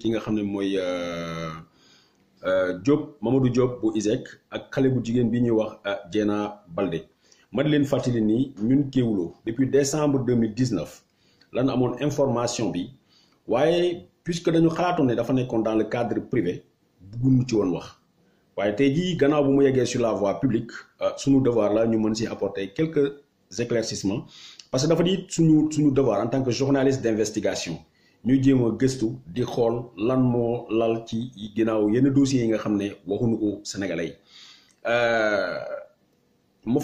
ki nga moy euh euh Diop Mamadou Diop bu isek ak xale bu bi ñuy wax euh, Diena Balde ma di leen fàttali ñun Kéwoulo depuis décembre 2019 lan amone information bi waaye puisque dañu xalaatoon dafa nekkon dans le cadre privé bëgguñu ci won wax waaye tay ji gannaaw bu mu yeggee sur la voie publique euh, suñu devoir la ñu mën ci apporter quelques éclaircissements parce que dafa di suñu suñu devoir en tant que journaliste d'investigation ñu avons di xool lan moo lal ci ginnaaw yenn yi nga ko sénégalais euh, mu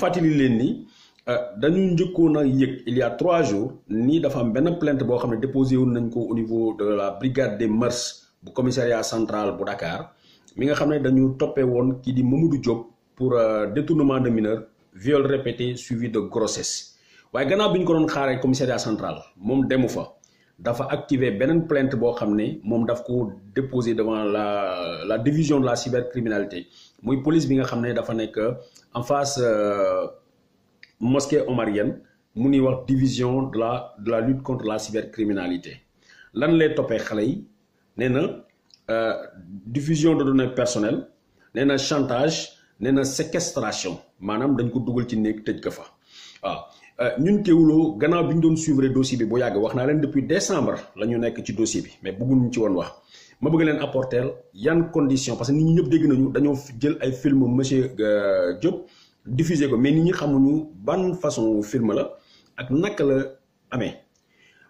euh, il y a trois jours ni dafa plainte au niveau de la brigade des mœurs bu commissariat central bu Dakar mi nga xam dañu toppee woon kii di pour euh, détournement de mineur viol répété suivi de grossesse waaye gannaaw bi ko commissariat central moom demu fa dafa activer une plainte bo xamné mom daf ko déposer devant la division de la cybercriminalité La police bi nga xamné face dafa nek en face euh, mosquée omarienne y wax division de la de la lutte contre la cybercriminalité lan lay topé xalé yi néna la euh, diffusion de données personnelles le chantage néna séquestration manam dañ ko dougal ci nek tëj ka fa euh, ñun Kéwoulo gannaaw biñ doon suivre dossier bi bu yàgg wax naa leen depuis décembre lañu ñu nekk ci dossier bi mais bëgguñu ci woon wax ma bëgg leen apporter yan condition parce que nit ñi ñëpp dégg nañu dañoo jël ay film monsieur euh, Diop diffuser ko mais nit ñi xamuñu ban façon film la ak naka la amee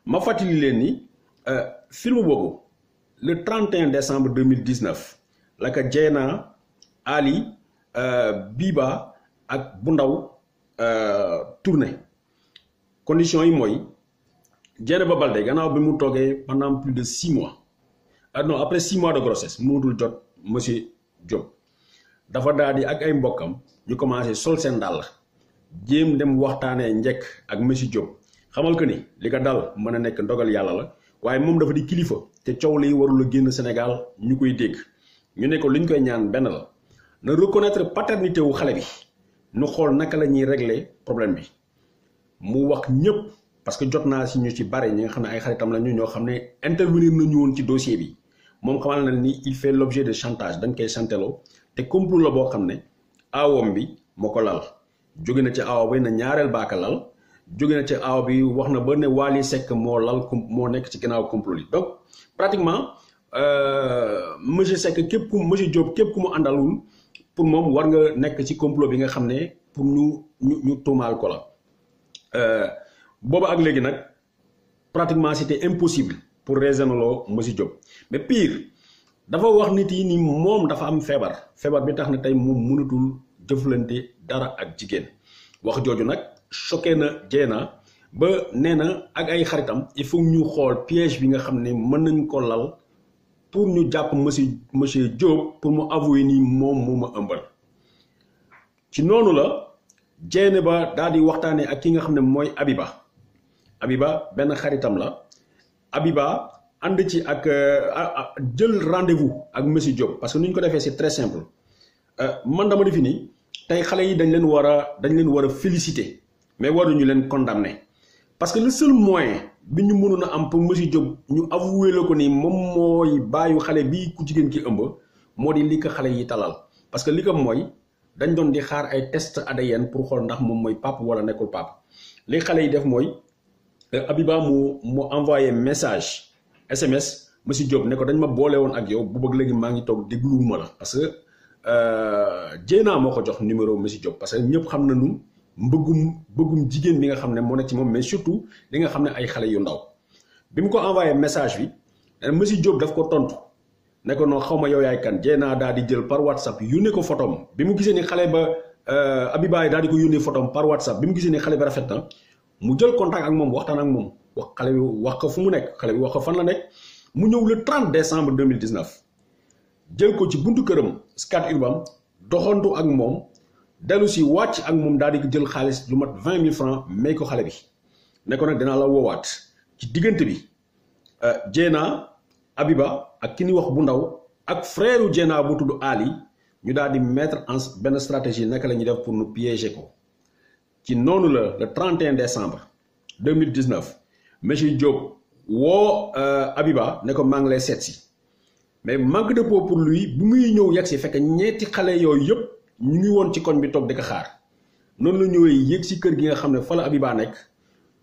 ma fàttali leen ni euh, film boobu le 31 décembre 2019 la ko Dieyna Ali Biba ak bu ndaw tourner condition yi mooy Dieynaba Balde gannaaw bi mu toogee pendant plus de six mois ah non après six mois de grossesse mënatul jot monsieur Diop dafa daal ak ay mbokkam ñu commencé sol seen dàll jéem dem waxtaanee njëkk ak monsieur Diop xamal ko ni li ko dal mën a nekk ndogal yàlla la waaye moom dafa di kilifa te coow li warul a génn Sénégal ñu koy dégg ñu ne ko li ñu koy ñaan benn la na reconnaître paternité wu xale bi ñu xool naka la ñuy régler problème bi mu wax ñëpp parce que jot naa si ñu ci bare ñi nga xam ne ay xaritam la ñu ñoo xam ne intervenir nañu woon ci dossier bi moom xamal na ni il fait l'objet de chantage dañ koy chanteloo te complot la boo xam ne aawam bi moo ko lal jóge na ci aaw bi na ñaareel baaka lal jóge na ci aaw bi wax na ba ne wali Seck moo lal moo nekk ci ginnaaw complot li donc pratiquement euh, monsieur Seck képp ku monsieur Diop képp ku mu andalul pour moom war nga nekk ci complot bi nga xam ne pour ñu ñu ñu tuumaal ko la euh, booba ak léegi nag pratiquement c'était impossible pour raisonnaloo Monsieur Diop mais pire dafa wax nit yi ni moom dafa am feebar feebar bi tax na tey moom mënatul jëflante dara ak jigéen wax jooju nag choqué na Dieyna ba nee na ak ay xaritam il faut ñu xool piège bi nga xam ne mën nañ ko lal pour ñu jàpp monsieur monsieur Diop pour mu avouer ni mom moo ma ëmbal ci noonu la ba daal di waxtaanee ak ki nga xam ne mooy Abiba Abiba benn xaritam la Abiba ànd ci ak euh, jël rendez-vous ak monsieur Diop parce que ni ñu ko defee si très simple euh, man dama defi ni tey xale yi dañ leen war a dañ leen war a féliciter mais waruñu leen condamner parce que le seul moyen bi ñu mënoon a am pour monsieur Diop ñu avoué la ko ni moom mooy bàyyi xale bi ku jigéen ki ëmb moo di li ko xale yi talal parce que li ko mooy. dañ doon di xaar ay test ADN pour xool ndax moom mooy pap wala nekkul pap li xale yi def mooy euh, Abiba mu mu envoyé message SMS monsieur job ne ko dañ ma boole woon ak yow bu bëgg léegi maa ngi toog dégluwuma la parce que euh, Dieyna moo ko jox numéro monsieur job parce que ñëpp xam nañu mbëggum mbëggum jigéen bi nga xam ne moo ne ci moom mais surtout li nga xam ne ay xale yu ndaw bi mu ko envoyé message bi monsieur job daf ko tontu. ne ko non xawma yow yaay kan jeena daal di jël par whatsapp yónne ko photom bi mu gisee ni xale ba euh, abibaay daal di ko yónnee photom par whatsapp bi mu gisee ni xale ba rafet na mu jël contact ak moom waxtaan ak moom wax xale bi wax ko fu mu nekk xale bi wax ko fan la nekk mu ñëw le 30 décembre 2019 jël ko ci buntu këram Skat urbam doxantu ak moom dellu si wàcc ak moom daal di jël xaalis lu mat 20 000 francs may ko xale bi ne ko nag dinaa la woowaat ci diggante bi euh, jeena Abiba ak ki ni wax bu ndaw ak freeru Diena bu tudd Ali ñu daal di mettre en benn stratégie naka la ñuy def pour nu piéger ko ci noonu la le 31 décembre 2019 monsieur Diop woo euh, Abiba ne ko maa ngi lay seet si mais manque de peau pour luy bu muy ñëw yegg si fekk ñeeti xale yooyu yëpp ñu ngi woon ci koñ bi toog di ko xaar noonu la ñëwee yéeg si kër gi nga xam ne fa la Abiba nekk.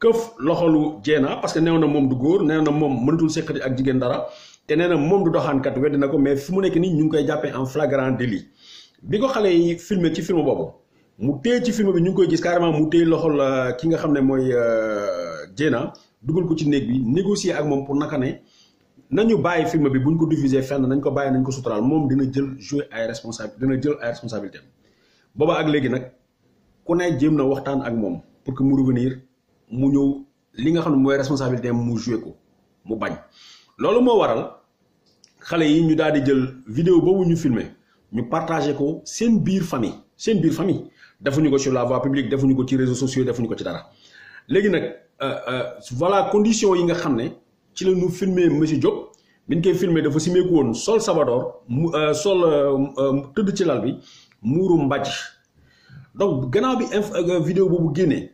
keuf loxolu jeena parce que neew mom du góor neew mom meuntul mënatul ak jigen dara te nee mom moom du doxaankat wedd na ko mais fimu nek ni ñu koy en flagrant délit bi ko yi filmé ci film bobu mu téye ci film bi ñu ngi koy gis carrément mu téye loxol euh, ki nga xam ne mooy euh, jeena dugal ko ci neeg bi négocier ak mom pour nakane nañu film bi buñ ko diffuser fenn nañ ko bàyyi nañ ko sutural mom dina jël jouer ay responsable dina jël ay responsabilité boba ak légui nak ku ne jëm na waxtaan ak mom pour que mu revenir mu ñëw li nga xam ne mooy responsabilité mu joué ko mu bañ loolu moo waral xale yi ñu daal di jël vidéo boobu ñu filmé ñu partagé ko seen biir famille seen biir famille defuñu ko sur la voie publique defuñu ko ci réseaux sociaux defuñu ko ci dara léegi nag euh, euh, voilà condition yi nga xam ne ci la ñu filmé monsieur Diop bi koy filmé dafa simeeku woon sol Sabador mu euh, sol tëdd ci lal bi muuru mbàjj donc gannaaw bi inf vidéo boobu génnee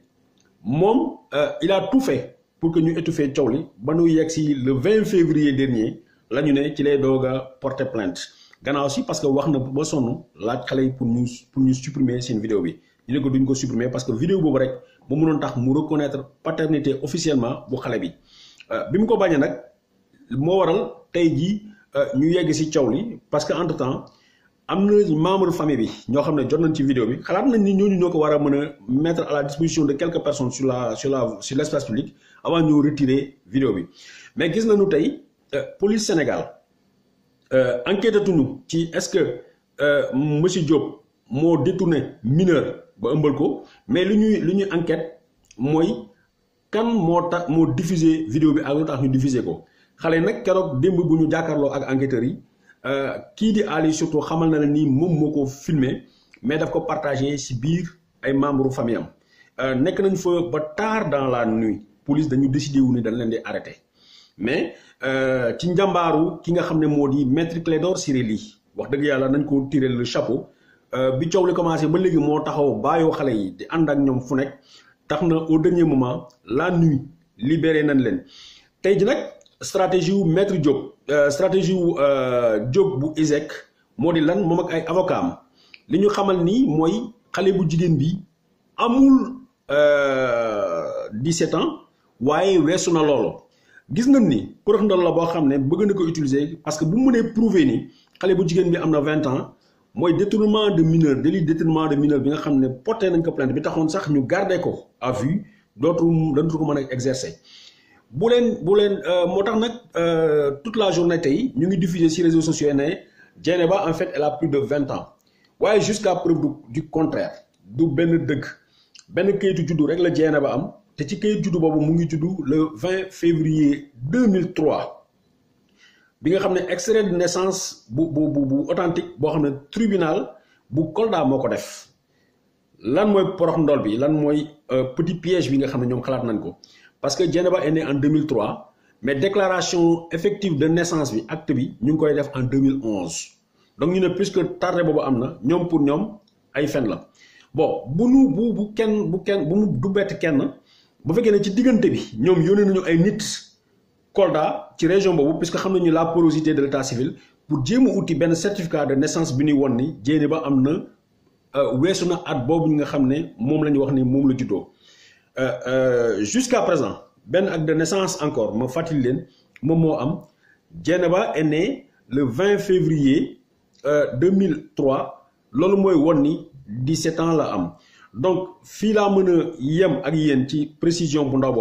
moom euh, il a tout fait pour que ñu étouffer coow li ba nu le 20 février dernier la ñu ne ci porté porter plainte gannaaw aussi parce que wax na ba sonn laaj xale pour nous pour nous supprimer cette vidéo bi ñu ne ko duñ ko supprimer parce que vidéo boobu rek ba mënoon tax mu reconnaître paternité officiellement bu xale bi euh, bi mu ko bañee nous moo waral tey jii euh, ñu yegg parce que entre temps am na membre famille bi ñoo xam ne jot nañ ci vidéo bi xalaat nañ ni ñooñu ñoo ko war a mën a mettre à la disposition de quelques personnes sur la sur la sur l' espace public avant ñoo retirer vidéo bi mais gis nañu tey euh, police Sénégal euh, enquête tuñu ci est ce que euh, monsieur Diop moo détourné mineur ba ëmbal ko mais lu ñuy ñuy enquête mooy kan moo tax moo diffuser vidéo bi ak lu tax ñu diffuser ko xale nag keroog démb bu ñu jàkkaarloo ak enquêteurs yi. Qui euh, di Ali surtout xamal na ni mom moko filmé mais daf ko partagé ci bir ay membre famille am euh, nek nañ fa ba tard dans la nuit police dañu décidé wu ni dañ len di arrêter. mais euh, ci njàmbaaru ki nga xamné modi maître Clédor Ciré Ly wax deug yalla nañ ko tirer le chapeau bi coow li commencé ba légui mo taxaw bàyyoo xalé yi di ànd ak ñoom fu nek taxna au dernier moment la nuit libéré nañ len tay ji stratégie wu maître Diop euh, stratégie wu euh, Diop bu ISEC modi di lan ak ay avocat am li xamal ni moy xalé bu jigen bi amul 17 euh, ans waye wessuna lolo loolu gis nañ ni kuréel ndal la bo xamné ne bëgg na ko utiliser parce que bu mu mënee prouver ni xalé bu jigen bi amna 20 ans moy détournement de mineur délit détournement de mineur bi nga xamné ne porté nañ ko plainte bi taxone sax ñu garder ko à vue dootu dootu ko mëna exercer bu leen bu euh, euh, toute la journée Nous ñu ngi diffuser les réseaux sociaux Né, ne en fait elle a plus de 20 ans Ouais, jusqu'à preuve du contraire du Ben deug benn kayitu juddu rek la Dieynaba am te ci kayitu juddu bobu mu ngi juddu le 20 février 2003 bi nga xamné extrait de naissance bu bu bu bu authentique bo xamné tribunal bu Kolda moko def lan moy porox ndol bi lan mooy euh, petit piège bi nga xamné ñom xalat nañ ko parce que Djenaba est né en 2003, mais déclaration effective de naissance, acte, nous l'avons fait en 2011. Donc, nous avons plus que tardé, nous avons nous pour nous, nous fin fait. Bon, si nous avons nous avons fait Colda, qui région Bobo, puisque nous avons la porosité de l'état civil, pour dire certificat de naissance, nous avons fait un certificat de naissance, nous avons fait un certificat de naissance, nous avons fait un certificat de naissance, euh, euh, jusqu'à présent Ben acte de naissance encore me am est né le 20 février 2003 euh, loolu mooy 17 ans la am donc je yem ak précision ak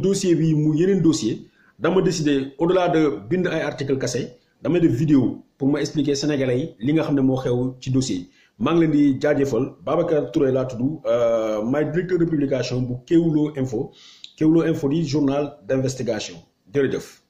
dossier bi mu dossier décider au-delà de bind article kase dama de vidéo pour m'expliquer expliquer sénégalais yi li nga dossier maa leen di jaajëfal Babacar Touré laa tudd euh, maay directeur de bu Kéwoulo Info Kéwoulo Info di journal d' investigation jërëjëf.